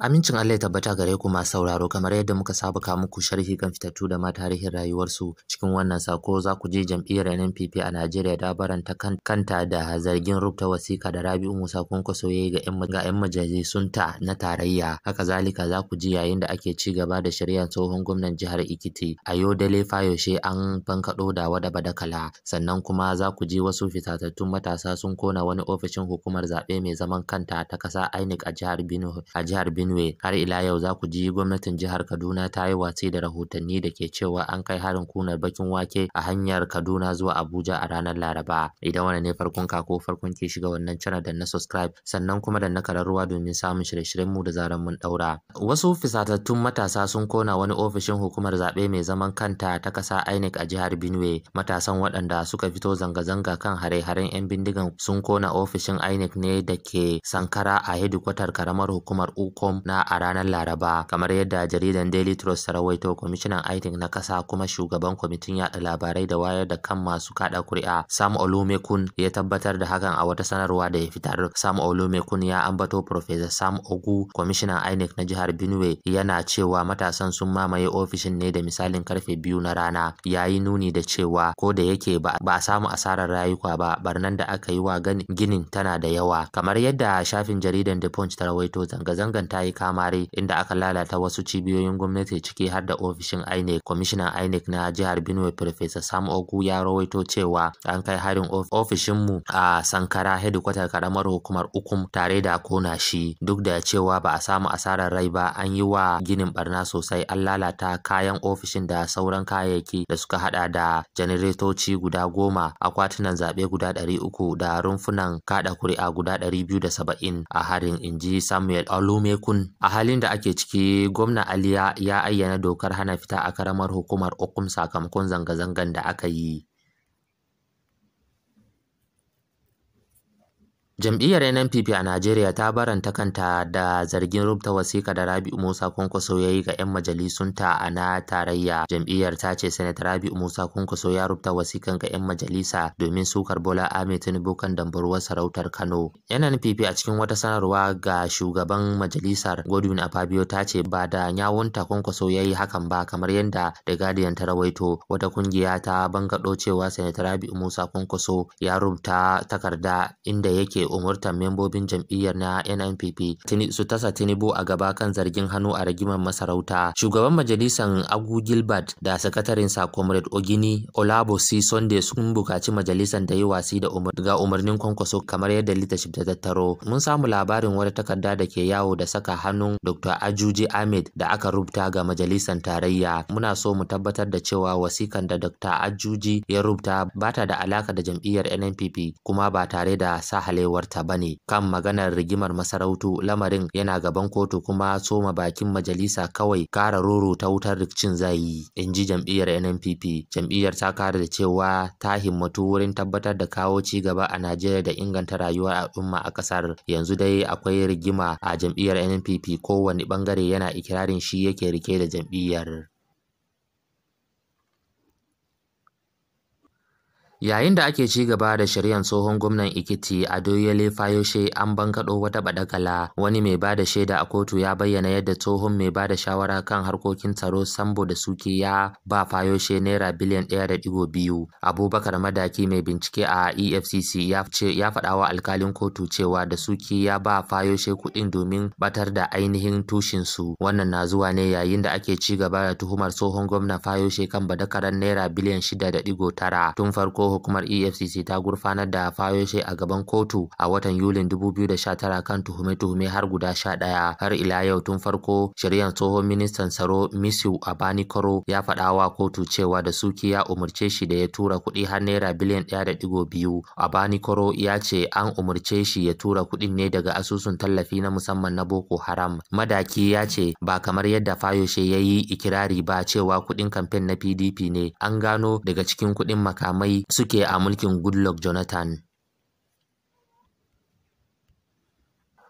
Amincin Allah ya tabbata gare ku masu sauraro kamar yadda muka saba ka muku sharhi kan fitattu da ma tarihin rayuwarsu cikin wannan sako za ku je jam'iyyar NPP a Najeriya da baranta kanta da zargin rubuta wasiƙa da Rabi'u Musa Kwankwaso ya yi ga 'yan majalisunta na tarayya haka zalika za ku ji yayin da ake ci gaba da shari'ar tsohon gwamnan jihar Ikiti Ayodele Fayoshe an bankaɗo da wada badakala sannan kuma za ku ji wasu fitattun matasa sun kona wani ofishin hukumar zaɓe mai zaman kanta ta ƙasa INEC a jihar Benue a jihar Benue Benue. Har ila yau za ku ji gwamnatin jihar Kaduna ta yi watsi da rahotanni da ke cewa an kai harin kunar bakin wake a hanyar Kaduna zuwa Abuja a ranar Laraba. Idan wani ne farkon ka ko farkon ke shiga wannan channel da na subscribe sannan kuma da na kararruwa domin samun shirye-shiryen mu da zaran mun daura. Wasu fisatattun matasa sun kona wani ofishin hukumar zaɓe mai zaman kanta ta kasa INEC a jihar Benue. Matasan waɗanda suka fito zanga-zanga kan hare-haren 'yan bindigan sun kona ofishin INEC ne da ke Sankara a hedikwatar karamar hukumar Ukom na a ranar Laraba kamar yadda jaridan Daily Trust ta rawaito kwamishinan INEC na kasa kuma shugaban kwamitin yada labarai da wayar da kan masu kada kuri'a Sam Olumekun ya tabbatar da hakan a wata sanarwa da ya fitar. Sam Olumekun ya ambato Professor Sam Ogu kwamishinan INEC na jihar Benue yana cewa matasan sun mamaye ofishin ne da misalin karfe biyu na rana yayi nuni da cewa ko da yake ba a samu asarar rayuka ba barnan da aka yi wa ginin tana da yawa kamar yadda shafin jaridan The Punch ta rawaito zanga-zangan ta yi kamari inda aka lalata wasu cibiyoyin gwamnati ciki har da ofishin INEC. Kwamishinan INEC na jihar Benue Professor Sam Ogu ya rawaito cewa an kai harin ofishinmu a Sankara hedikwatar karamar hukumar Ukum tare da kona shi duk da cewa ba a samu asarar rai ba an yi wa ginin barna sosai an lalata kayan ofishin da sauran kayayyaki da suka hada da janaretoci guda goma akwatunan zaɓe guda ɗari uku da rumfunan kaɗa kuri'a guda ɗari biyu da saba'in a harin inji Samuel Olumekun Mm. A halin da ake ciki, gwamna Aliya ya ayyana dokar hana fita a karamar hukumar Ogun sakamakon zanga zangan da aka yi. Jam'iyyar NNPP a Najeriya ta baranta kanta da zargin rubuta wasiƙa da Rabi'u Musa Kwankwaso ya yi ga 'yan majalisunta a na tarayya. Jam'iyyar ta ce Sanata Rabi'u Musa Kwankwaso ya rubuta wasiƙan ga 'yan majalisa domin sukar Bola Ahmed Tinubu kan dambarwar sarautar Kano. NNPP a cikin wata sanarwa ga shugaban majalisar Godwin Akpabio ta ce ba da nyawunta Kwankwaso ya yi hakan ba kamar yadda The Guardian ta rawaito. Wata kungiya ta bangaɗo cewa Sanata Rabi'u Musa Kwankwaso ya rubuta takarda inda yake umurtar membobin jam'iyyar na NNPP su tasa Tinubu a gaba kan zargin hannu a rigimar masarauta. Shugaban majalisar Agu Gilbert da sakatarin sa Comrade Ogini si Sunday sun bukaci majalisar da yi wasi da ga umarnin kwankwaso kamar yadda leadership ta tattaro. Mun samu labarin wata takarda da ke yawo da saka hannun Dr. Ajuji Ahmed da aka rubuta ga majalisar tarayya. Muna so mu tabbatar da cewa wasikan da Dr. Ajuji ya rubuta ba ta da alaka da jam'iyyar NNPP kuma ba tare da sa sahalewa rayuwarta ba ne kan maganar rigimar masarautu lamarin yana gaban kotu kuma soma bakin majalisa kawai kara roro ta wutar rikicin zai yi in ji jam'iyyar nnpp jam'iyyar ta kara da cewa ta himmatu wurin tabbatar da kawo ci gaba a najeriya da inganta rayuwar al'umma a kasar yanzu dai akwai rigima a jam'iyyar nnpp kowane bangare yana ikirarin shi yake rike da jam'iyyar yayin da ake ci gaba da shiryan tsohon gwamnan ikiti adoyele fayoshe an bankaɗo wata badakala wani mai ba da shaida a kotu ya bayyana yadda tsohon mai ba da shawara kan harkokin tsaro sambo da suke ya ba fayoshe naira biliyan ɗaya da ɗigo biyu abubakar madaki mai bincike a efcc ya faɗawa faɗa wa alkalin kotu cewa da suke ya ba fayoshe kuɗin domin batar da ainihin tushinsu wannan na zuwa ne yayin da ake ci gaba da tuhumar tsohon gwamnan fayoshe kan badakarar naira biliyan shida da ɗigo tara tun farko hukumar efcc ta gurfanar da fayoshe a gaban kotu a watan yulin 2019 kan tuhume-tuhume har guda sha ɗaya har ila yau tun farko shari'ar tsohon ministan tsaro misiu abanikoro ya faɗa wa kotu cewa da suki ya umarce shi da ya tura kuɗi har naira biliyan ɗaya da ɗigo biyu abanikoro ya ce an umarce shi ya tura kuɗin ne daga asusun tallafi na musamman na boko haram madaki ya ce ba kamar yadda fayoshe ya yi ikirari ba cewa kuɗin kamfen na pdp ne an gano daga cikin kuɗin makamai suke a mulkin Goodluck Jonathan.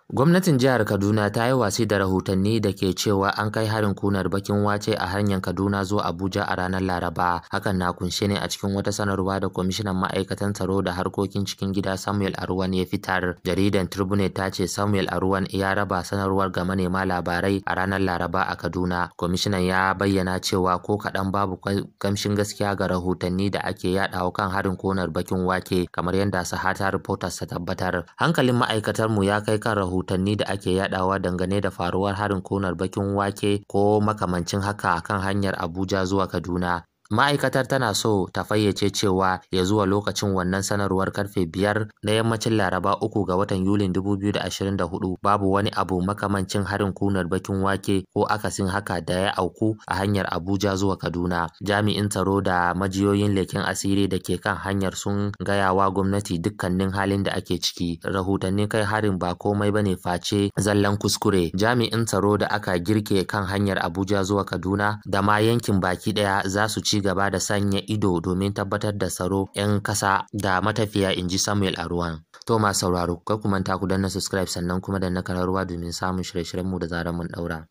Gwamnatin jihar Kaduna ta yi wasi da rahotanni da ke cewa an kai harin kunar bakin wace a hanyar Kaduna zuwa Abuja a ranar Laraba. Hakan na kunshe ne a cikin wata sanarwa da kwamishinan ma'aikatan tsaro da harkokin cikin gida Samuel Arwan ya fitar. Jaridan Tribune ta ce Samuel Arwan ya raba sanarwar ga manema labarai a ranar Laraba a Kaduna. Kwamishinan ya bayyana cewa ko kaɗan babu kamshin gaskiya ga rahotanni da ake yaɗawa kan harin kunar bakin wake kamar yadda Sahata Reporters ta tabbatar. Hankalin ma'aikatarmu ya kai kan rahotanni rahotanni da ake yadawa dangane da faruwar harin konar bakin wake ko makamancin haka kan hanyar Abuja zuwa Kaduna. ma'aikatar tana so ta fayyace cewa ya zuwa lokacin wannan sanarwar karfe biyar na yammacin laraba uku ga watan yulin 2024 babu wani abu makamancin harin kunar bakin wake ko akasin haka da ya auku a hanyar abuja zuwa kaduna jami'in tsaro da majiyoyin leken asiri da ke kan hanyar sun gayawa gwamnati dukkanin halin da ake ciki Rahotanni kai harin ba komai bane face zallan kuskure jami'in tsaro da aka girke kan hanyar abuja zuwa kaduna da ma yankin baki daya za su ci ci gaba da sanya ido domin tabbatar da tsaro 'yan kasa da matafiya inji Samuel ruwan To ma sauraro, kai kuma ta ku danna subscribe sannan kuma danna ruwa domin samun shirye-shiryenmu da zarar mun daura.